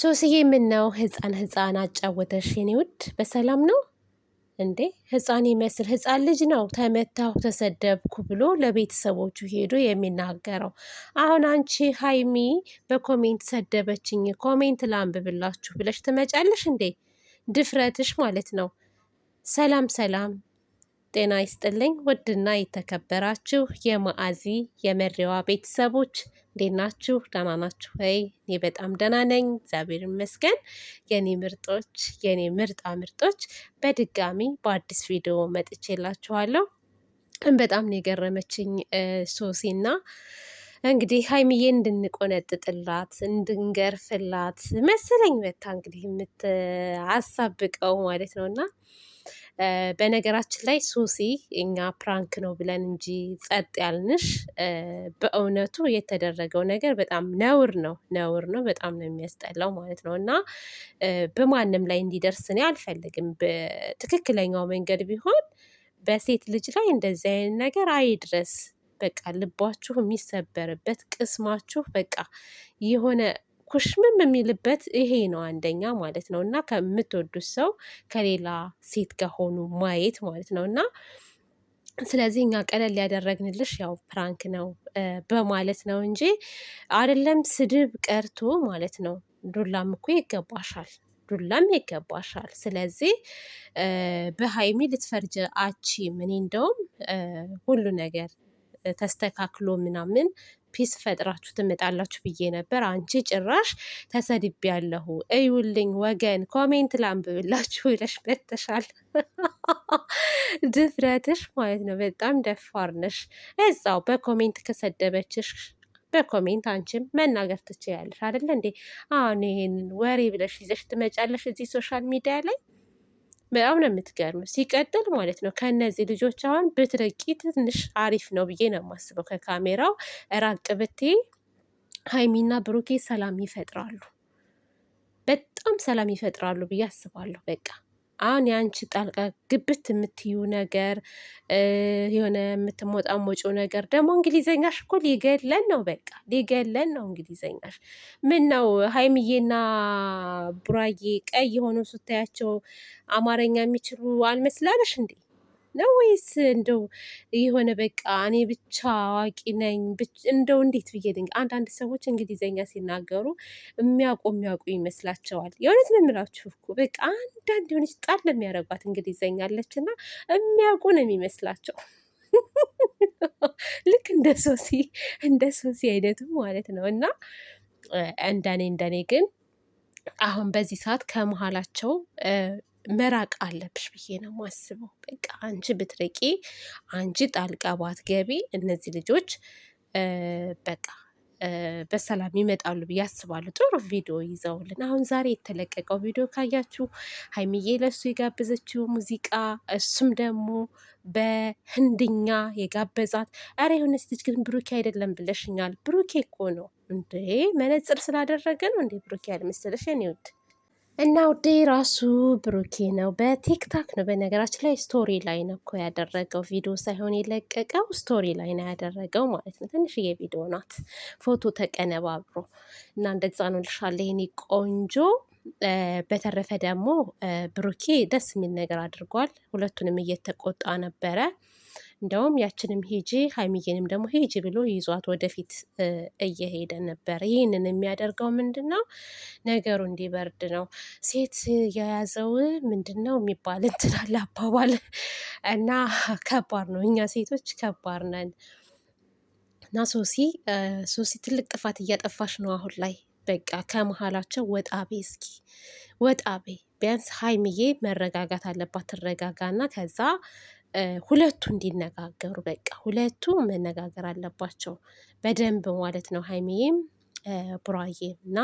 ሶስዬ የምናው ህፃን ህፃን አጫወተሽ የኔ ውድ በሰላም ነው እንዴ? ህፃን ይመስል ህፃን ልጅ ነው ተመታሁ ተሰደብኩ ብሎ ለቤተሰቦቹ ሄዶ የሚናገረው። አሁን አንቺ ሀይሚ በኮሜንት ሰደበችኝ፣ ኮሜንት ላንብብላችሁ ብለሽ ትመጫለሽ እንዴ? ድፍረትሽ ማለት ነው። ሰላም ሰላም ጤና ይስጥልኝ ውድና የተከበራችሁ የማአዚ የመሪዋ ቤተሰቦች እንዴት ናችሁ? ደህና ናችሁ ወይ? እኔ በጣም ደህና ነኝ፣ እግዚአብሔር ይመስገን። የኔ ምርጦች፣ የኔ ምርጣ ምርጦች በድጋሚ በአዲስ ቪዲዮ መጥቼላችኋለሁ። በጣም ነው የገረመችኝ ሶሲና እንግዲህ ሀይሚዬ እንድንቆነጥጥላት እንድንገርፍላት መሰለኝ መታ እንግዲህ የምታሳብቀው ማለት ነው እና በነገራችን ላይ ሱሲ እኛ ፕራንክ ነው ብለን እንጂ ጸጥ ያልንሽ፣ በእውነቱ የተደረገው ነገር በጣም ነውር ነው፣ ነውር ነው። በጣም ነው የሚያስጠላው ማለት ነው እና በማንም ላይ እንዲደርስ እኔ አልፈልግም። በትክክለኛው መንገድ ቢሆን በሴት ልጅ ላይ እንደዚህ አይነት ነገር አይድረስ። በቃ ልባችሁ የሚሰበርበት ቅስማችሁ በቃ የሆነ ኩሽምም የሚልበት ይሄ ነው አንደኛ ማለት ነው። እና ከምትወዱት ሰው ከሌላ ሴት ከሆኑ ሆኑ ማየት ማለት ነው እና ስለዚህ እኛ ቀለል ያደረግንልሽ ያው ፕራንክ ነው በማለት ነው እንጂ አይደለም ስድብ ቀርቶ ማለት ነው። ዱላም እኮ ይገባሻል፣ ዱላም ይገባሻል። ስለዚህ በሀይሚ ልትፈርጅ አቺ ምን እንደውም ሁሉ ነገር ተስተካክሎ ምናምን ፒስ ፈጥራችሁ ትመጣላችሁ ብዬ ነበር። አንቺ ጭራሽ ተሰድቤ ያለሁ እዩልኝ፣ ወገን ኮሜንት ላንብብላችሁ ብለሽ መተሻል። ድፍረትሽ ማለት ነው። በጣም ደፋር ነሽ። እዛው በኮሜንት ከሰደበችሽ በኮሜንት አንቺም መናገር ትችያለሽ አይደለ እንዴ? አሁን ይሄንን ወሬ ብለሽ ይዘሽ ትመጫለሽ እዚህ ሶሻል ሚዲያ ላይ በጣም ነው የምትገርም። ሲቀጥል ማለት ነው ከእነዚህ ልጆች አሁን ብትርቂ ትንሽ አሪፍ ነው ብዬ ነው የማስበው። ከካሜራው ራቅ ብቴ ሀይሚና ብሩኬ ሰላም ይፈጥራሉ፣ በጣም ሰላም ይፈጥራሉ ብዬ አስባለሁ። በቃ አሁን የአንቺ ጣልቃ ግብት የምትዩ ነገር የሆነ የምትሞጣሞጪው ነገር ደግሞ እንግሊዘኛሽ እኮ ሊገለን ነው፣ በቃ ሊገለን ነው እንግሊዘኛሽ። ምን ነው ሀይምዬና ቡራዬ ቀይ የሆኑ ስታያቸው አማርኛ የሚችሉ አልመስላለሽ እንዴ? ነው ወይስ እንደው የሆነ በቃ እኔ ብቻ አዋቂ ነኝ? እንደው እንዴት ብዬ ድንግ አንዳንድ ሰዎች እንግሊዘኛ ሲናገሩ የሚያውቁ የሚያውቁ ይመስላቸዋል። የእውነት ነው የምላችሁ እኮ በቃ አንዳንድ የሆነች ጣል የሚያደርጓት እንግሊዘኛ አለችና የሚያውቁ ነው የሚመስላቸው ልክ እንደ ሶሲ እንደ ሶሲ አይነቱ ማለት ነው። እና እንደኔ እንደኔ ግን አሁን በዚህ ሰዓት ከመሀላቸው መራቅ አለብሽ ብዬ ነው ማስበው። በቃ አንቺ ብትርቂ፣ አንቺ ጣልቃ ባትገቢ እነዚህ ልጆች በቃ በሰላም ይመጣሉ ብዬ አስባለሁ። ጥሩ ቪዲዮ ይዘውልን አሁን ዛሬ የተለቀቀው ቪዲዮ ካያችሁ ሀይሚዬ ለሱ የጋበዘችው ሙዚቃ እሱም ደግሞ በህንድኛ የጋበዛት። ኧረ የሆነ ልጅ ግን ብሩኬ አይደለም ብለሽኛል። ብሩኬ እኮ ነው እንዴ! መነጽር ስላደረገ ነው እንዴ ብሩኬ ያልመሰለሽ? ኔውድ እና ውዴ ራሱ ብሩኬ ነው። በቲክታክ ነው በነገራችን ላይ ስቶሪ ላይ ነው እኮ ያደረገው፣ ቪዲዮ ሳይሆን የለቀቀው ስቶሪ ላይ ነው ያደረገው ማለት ነው። ትንሽ ቪዲዮ ናት፣ ፎቶ ተቀነባብሮ እና እንደዛ ነው ልሻለ ይሄኔ ቆንጆ በተረፈ ደግሞ ብሩኬ ደስ የሚል ነገር አድርጓል። ሁለቱንም እየተቆጣ ነበረ። እንደውም ያችንም ሂጂ ሀይሚዬንም ደግሞ ሂጂ ብሎ ይዟት ወደፊት እየሄደ ነበር። ይህንን የሚያደርገው ምንድን ነው? ነገሩ እንዲበርድ ነው። ሴት የያዘው ምንድን ነው የሚባል እንትን አለ አባባል እና ከባድ ነው። እኛ ሴቶች ከባድ ነን። እና ሶሲ ሶሲ ትልቅ ጥፋት እያጠፋሽ ነው አሁን ላይ በቃ ከመሀላቸው ወጣ ቤ እስኪ ወጣ ቤ ቢያንስ ሀይሚዬ መረጋጋት አለባት። ትረጋጋ እና ከዛ ሁለቱ እንዲነጋገሩ በቃ ሁለቱ መነጋገር አለባቸው በደንብ ማለት ነው። ሀይሚዬም ቡራዬ እና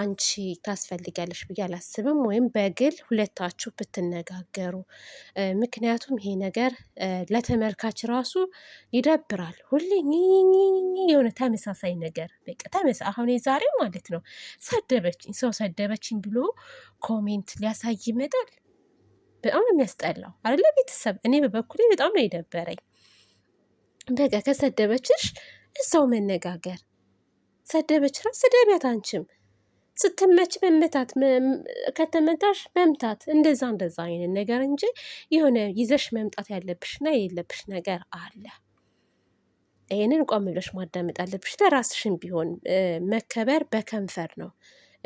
አንቺ ታስፈልጊያለሽ ብዬ አላስብም። ወይም በግል ሁለታችሁ ብትነጋገሩ፣ ምክንያቱም ይሄ ነገር ለተመልካች ራሱ ይደብራል። ሁሌ የሆነ ተመሳሳይ ነገር በቃ ተመሳ አሁን የዛሬ ማለት ነው ሰደበችኝ ሰው ሰደበችኝ ብሎ ኮሜንት ሊያሳይ ይመጣል። በጣም ነው የሚያስጠላው አይደለ? ቤተሰብ እኔ በበኩሌ በጣም ነው የደበረኝ። በቃ ከሰደበችሽ እዛው መነጋገር ሰደበች ራ ስደቢያት፣ አንቺም ስትመች መመታት፣ ከተመታሽ መምታት፣ እንደዛ እንደዛ አይነት ነገር እንጂ የሆነ ይዘሽ መምጣት ያለብሽና የሌለብሽ ነገር አለ። ይህንን ቆም ብለሽ ማዳመጥ አለብሽ። ለራስሽን ቢሆን መከበር በከንፈር ነው።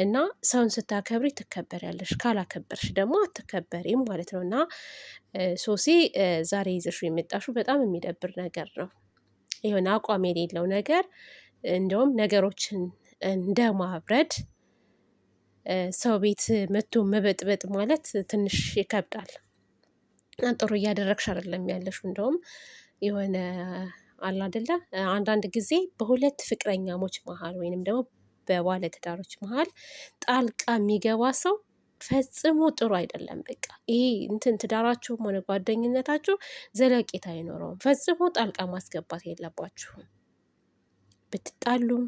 እና ሰውን ስታከብሪ ትከበሪያለሽ፣ ካላከበርሽ ደግሞ አትከበሪም ማለት ነው። እና ሶሲ ዛሬ ይዘሹ የመጣሹ በጣም የሚደብር ነገር ነው። የሆነ አቋም የሌለው ነገር እንደውም ነገሮችን እንደ ማብረድ ሰው ቤት መቶ መበጥበጥ ማለት ትንሽ ይከብዳል። ጥሩ እያደረግሽ አይደለም ያለሽው። እንደውም የሆነ አለ አይደለ አንዳንድ ጊዜ በሁለት ፍቅረኛሞች መሀል ወይንም ደግሞ በባለትዳሮች ትዳሮች መሀል ጣልቃ የሚገባ ሰው ፈጽሞ ጥሩ አይደለም። በቃ ይሄ እንትን ትዳራችሁም ሆነ ጓደኝነታችሁ ዘለቄት አይኖረውም። ፈጽሞ ጣልቃ ማስገባት የለባችሁም። ብትጣሉም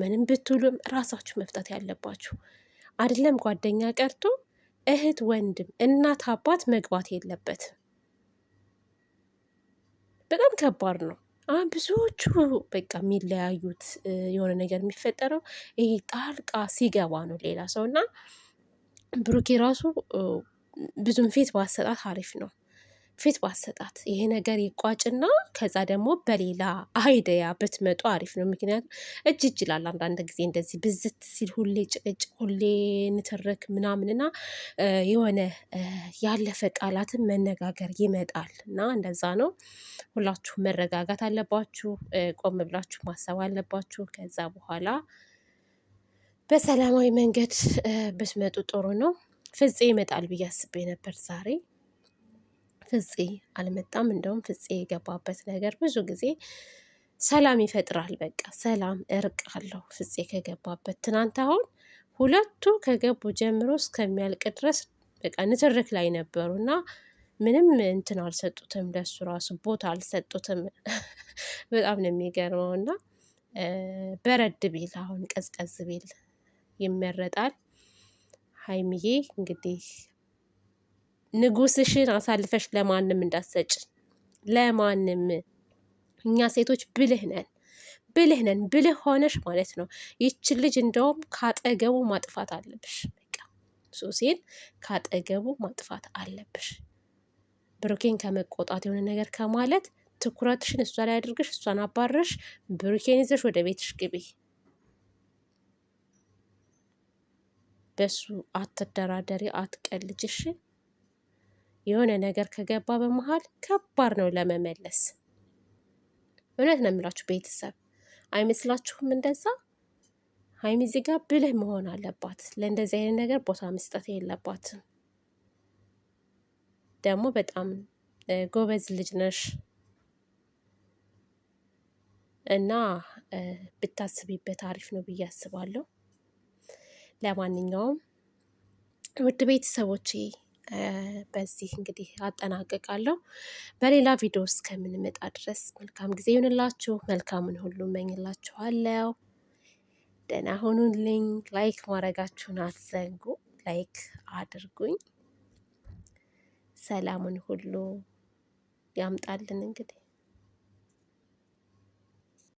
ምንም ብትሉም ራሳችሁ መፍታት ያለባችሁ አይደለም። ጓደኛ ቀርቶ እህት፣ ወንድም፣ እናት፣ አባት መግባት የለበትም። በጣም ከባድ ነው። አሁን ብዙዎቹ በቃ የሚለያዩት የሆነ ነገር የሚፈጠረው ይሄ ጣልቃ ሲገባ ነው ሌላ ሰው እና ብሩኬ ራሱ ብዙም ፊት ባሰጣት አሪፍ ነው ፊት ባሰጣት ይሄ ነገር ይቋጭና ከዛ ደግሞ በሌላ አይዲያ ብትመጡ አሪፍ ነው። ምክንያቱም እጅ ይችላል አንዳንድ ጊዜ እንደዚህ ብዝት ሲል ሁሌ ጭቅጭቅ፣ ሁሌ ንትርክ ምናምንና የሆነ ያለፈ ቃላትን መነጋገር ይመጣል እና እንደዛ ነው። ሁላችሁ መረጋጋት አለባችሁ። ቆም ብላችሁ ማሰብ አለባችሁ። ከዛ በኋላ በሰላማዊ መንገድ ብትመጡ ጥሩ ነው። ፍፄ ይመጣል ብዬ አስቤ ነበር ዛሬ ፍፄ አልመጣም። እንደውም ፍፄ የገባበት ነገር ብዙ ጊዜ ሰላም ይፈጥራል። በቃ ሰላም እርቅ አለው ፍፄ ከገባበት። ትናንት አሁን ሁለቱ ከገቡ ጀምሮ እስከሚያልቅ ድረስ በቃ ንትርክ ላይ ነበሩ እና ምንም እንትን አልሰጡትም፣ ለሱ ራሱ ቦታ አልሰጡትም። በጣም ነው የሚገርመው። እና በረድ ቢል አሁን ቀዝቀዝ ቢል ይመረጣል። ሀይምዬ እንግዲህ ንጉስሽን አሳልፈሽ ለማንም እንዳትሰጭ። ለማንም እኛ ሴቶች ብልህ ነን ብልህ ነን። ብልህ ሆነሽ ማለት ነው ይችን ልጅ እንደውም ካጠገቡ ማጥፋት አለብሽ። በቃ ሱሴን ካጠገቡ ማጥፋት አለብሽ። ብሩኬን ከመቆጣት የሆነ ነገር ከማለት ትኩረትሽን እሷ ላይ አድርገሽ እሷን አባረሽ ብሩኬን ይዘሽ ወደ ቤትሽ ግቢ። በሱ አትደራደሪ፣ አትቀልጅሽ። የሆነ ነገር ከገባ በመሀል ከባድ ነው ለመመለስ። እውነት ነው የምላችሁ ቤተሰብ አይመስላችሁም? እንደዛ ሀይሚ እዚህ ጋር ብልህ መሆን አለባት። ለእንደዚህ አይነት ነገር ቦታ መስጠት የለባትም። ደግሞ በጣም ጎበዝ ልጅ ነሽ እና ብታስቢበት አሪፍ ነው ብዬ አስባለሁ። ለማንኛውም ውድ ቤተሰቦቼ በዚህ እንግዲህ አጠናቅቃለሁ። በሌላ ቪዲዮ እስከምንመጣ ድረስ መልካም ጊዜ ይሁንላችሁ። መልካምን ሁሉ እመኝላችኋለሁ። ደህና ሁኑልኝ። ላይክ ማድረጋችሁን አትዘንጉ። ላይክ አድርጉኝ። ሰላሙን ሁሉ ያምጣልን እንግዲህ